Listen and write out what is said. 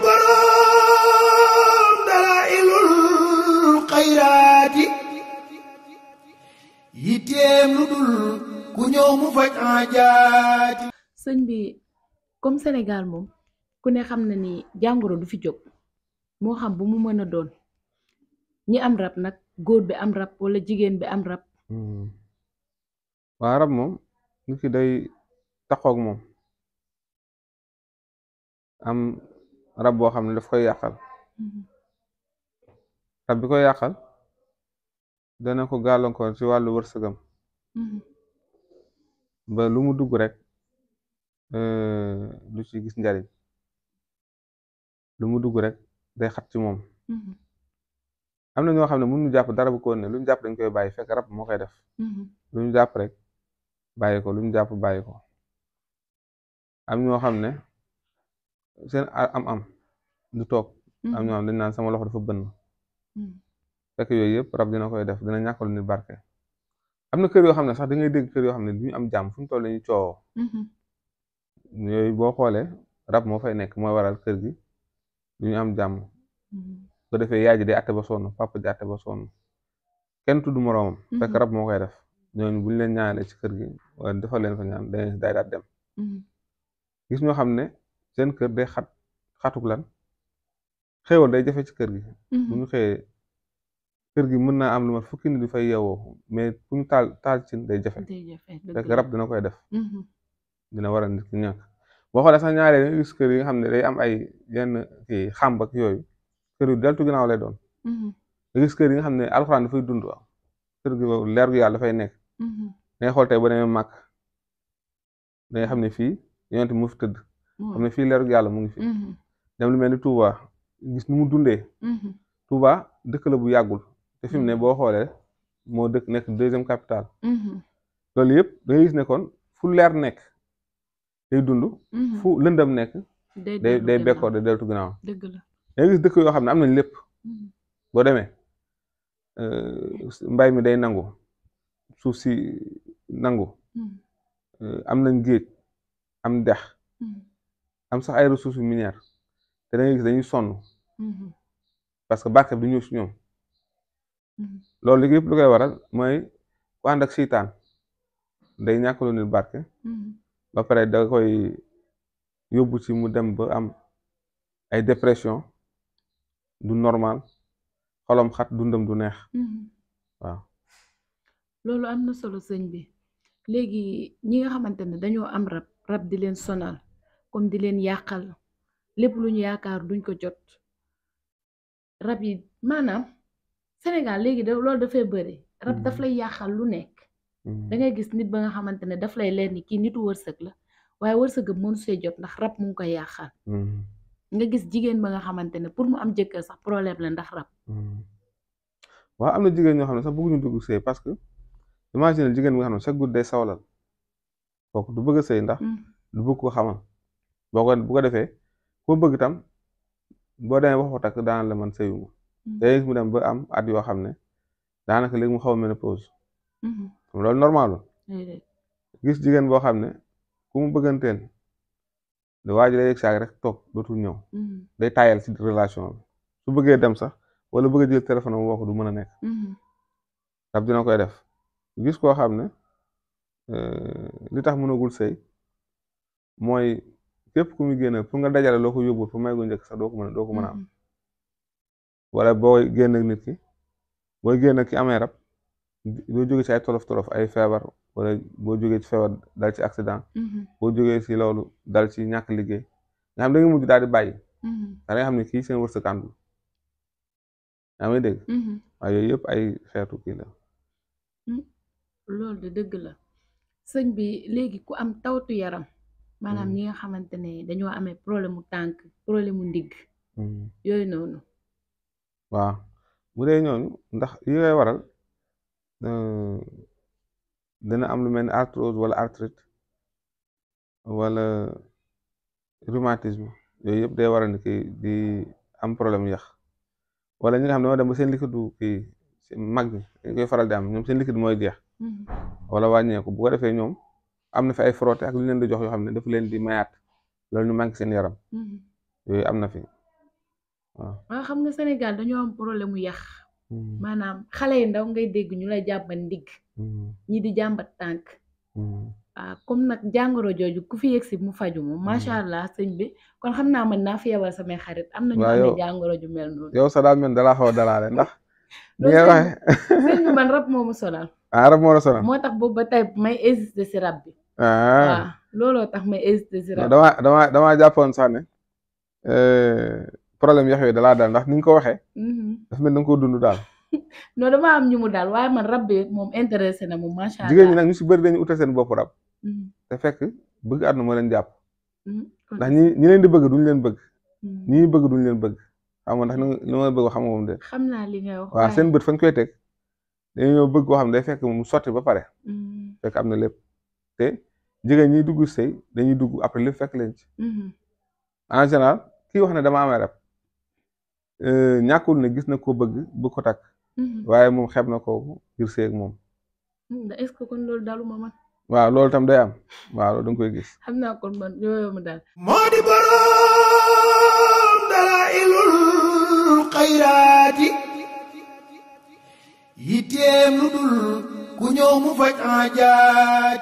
boroom dalailul xayraati yitteem lu dul ku ñëw mu faj aajaati sëñ bi comme Sénégal moom ku ne xam na ni jàngoro du fi jóg moo xam bu mu mën a doon ñi am rab nag góor bi am rab wala jigéen bi am rab hmm. waa rab moom nit ki day taxoog moom am rab boo xam ne daf koy yàqal mm-hmm. rab bi koy yàqal dana ko gàllankoor ci wàllu wërsëgam mm-hmm. ba lu mu dugg rek lu euh, ci gis njariñ lu mu dugg rek day xat ci moom mm-hmm. am na ñoo xam ne nu jàpp dara bu ko ne lu ñu jàpp dañ koy bàyyi fekk rab moo koy def lu ñu jàpp rek bàyyi ko lu ñu jàpp bàyyi ko am ñoo ne seen am-am du toog. Mm-hmm. am ñoo am dañ naan sama loxo dafa bënn. Mm-hmm. fekk yooyu yëpp rab dina koy def dina ñàkkal nit barke. am na kër yoo xam ne sax da ngay dégg kër yoo xam ne du ñu am jàmm fu mu toll nii mm-hmm. boo xoolee rab moo fay nekk mooy waral kër gi ñu am jàmm. ko defee yaay ji day àtte ba sonn papa ji àtte ba sonn kenn tudd moroomam. fekk rab moo koy def ñooñu buñ leen ñaanalee ci kër gi wala defal leen fa ñaan dañuy daal di dem. gis ñoo xam ne seen kër day xat xatuk lan xéewal day jafe ci kër gi mhm. bu ñu xëyee gi mën naa am lu mat fukki nu di fay yeewoo mais bu ñu taal taal cin day jafe rek rab dina koy def mhm. dina war a nit ki ñàkk boo xoolee sax ñaaree nga gis kër yi nga xam ne day am ay yenn kii xàmb ak yooyu kër yu deltu ginnaaw lay doon mhm. nga gis kër yi nga xam ne alxuraan foy dund waaw kër gi leer gu yàlla fay nekk dangay xool tey ba demee màkk dangay xam ne fii yonent mu fi xam ne fii leerug yàlla mu ngi fi. Mhm. dem lu mel ni Touba gis nu mu dundee. Mhm. Touba dëkk la bu yàggul te fi mu ne mhm. boo xoolee moo dëkk nekk deuxième capital loolu yëpp da gis ne kon fu leer nekk day dund. fu lëndam nekk. day day bekkoor day deltu ginnaaw. dëgg gis dëkk yoo xam ne am nañ lépp. boo demee euh, mbay mi day nangu suuf si nangu. Euh, am nañ géej am dex. am sax ay ressources minières te da gis dañuy sonn mhm. parce que barke bi du ñëw si ñoom mhm. loolu léegi yëpp lu koy waral mooy ku ànd ak seytaan day ñàkkaloo nit mhm. ba pare da koy yóbbu ci mu dem ba am ay dépression du normal xolom dundam du neex waaw loolu am na solo sëñ bi léegi ñi nga xamante ne dañoo am rab rab di leen sonal comme di leen yàqal lépp lu ñu yaakaar duñ ko jot rab yi maanaam Sénégal léegi da lool dafay bëri rab daf mm-hmm. lay yàqal lu nekk mm-hmm. dangay gis nit ba nga xamante ne daf lay leer ni kii nitu wërsëg la waaye wërsëgam mënu see jot ndax rab mu ngi koy yàqal mm-hmm. nga gis jigéen ba nga xamante ne pour mu am jëkkër sax problème la ndax rab waaw am na jigéen ñoo xam ne sax bëgguñu dugg sëy parce que imagine jigéen bi nga xam ne chaque jour day sawlal kooku du bëgg a sëy ndax mm. du bëgg ko xamal boo ko bu ko defee koo bëgg tam boo demee wax ko takk daana man sëyuma mm-hmm. day gis mu dem ba am at yoo xam ne daanaka léegi mu xaw a ménopause mm-hmm. loolu normal gis jigéen boo xam ne ku mu bëgganteel da waa ji day yëg saag rek toog dootul ñëw mm-hmm. day tayal si relation bi su bëggee dem sax wala bëgg a jël téléphone am du mën a nekk rab dina koy def gis koo xam ne euh, li tax mënagul sëy mooy képp ku muy génne pour nga dajale loo ko yóbbu pour may gu njëkk sax doo ko mën doo ko mën a am mm-hmm. wala boo génn nit ki boo génn ki amee rab boo jógee ci ay tolof tolof ay feebar wala boo jógee ci feebar dal ci accident mm-hmm. boo jógee ci loolu dal ci ñàkk liggéey nga xam da nga daal di bàyyi da mm-hmm. nga xam ne kii seen wërsëg àndul yaa may dégg waaye yooyu yëpp ay xeetu kii la loolu de dëgg la sëñ bi léegi ku am tawtu yaram maanaam mm. ñi nga xamante ne dañoo amee problème mu tànk problème mu ndigg mm. yooyu noonu waaw bu dee ñooñu ndax yi ngay waral euh, dana am lu mel ni arthrose wala arthrite wala rhumatisme yooyu yëpp day waral ni kii di am problème yax wala ñi nga xam ne dañoo dem ba seen liquidu kii mag ñi dañ faral di am ñoom seen liquide mooy jeex mm-hmm. wala wàññeeku bu ko defee ñoom am na fi ay frotté ak lu leen di jox xam ne daf di mayaat loolu ñu manqué seen yaram. Mm-hmm. yooyu am na fi waaw. waaw ah, xam nga Sénégal dañoo am problème mu yàq. Mm-hmm. maanaam xale yu ndaw ngay dégg ñu lay jàmbat ndigg mm-hmm. ñi di jàmbat tànk. waaw ah, comme nag jàngoro jooju ku fi yegg si mu faju moom macha allah sëñ bi kon xam naa mën naa fi yebal samay xarit. am na ñu amee jàngoro ju mel noonu. yow sa daal mel dalaa a dalaale ndax. ni nga waxee sëñ bi man rab moo sonal. Ah, rab moo la sonal. moo tax boobu ba may waaw ah. ah, looloo tax may hésité si rajo. damaa damaa damaa jàppoon sax ne eh, problème yax yooyu daal ndax ni nga ko waxee. Mm-hmm. dafa mel ni da koo dund daal. non damaa am ñu daal waaye man rab moom intéressé na moom macha allah. ñi si bëri dañu utal seen bopp rab. da mm-hmm. fekk bëgg àdduna moo leen jàpp. Mm-hmm. ndax ñi ñi leen di bëgg duñu leen bëgg. ñi bëgg duñu leen bëgg. xam ma bëgg xam moom de. xam naa li seen bët fa koy teg dañoo bëgg koo xam day fekk mu sotti ba pare. fekk am na lépp jigéen ñiy dugg sëy dañuy dugg après li fekk leen ci. Mm-hmm. en wax ne dama amee rab euh, ñàkkul ne gis na ko bëgg bu ko takk. Mm-hmm. waaye moom xeeb na ko ngir sëy ak moom. Mm-hmm. est-ce kon loolu daluma man. waaw loolu tam day am waaw loolu da koy gis. xam naa kon man yooyu ma yitteem lu dul ku ñëw mu faj en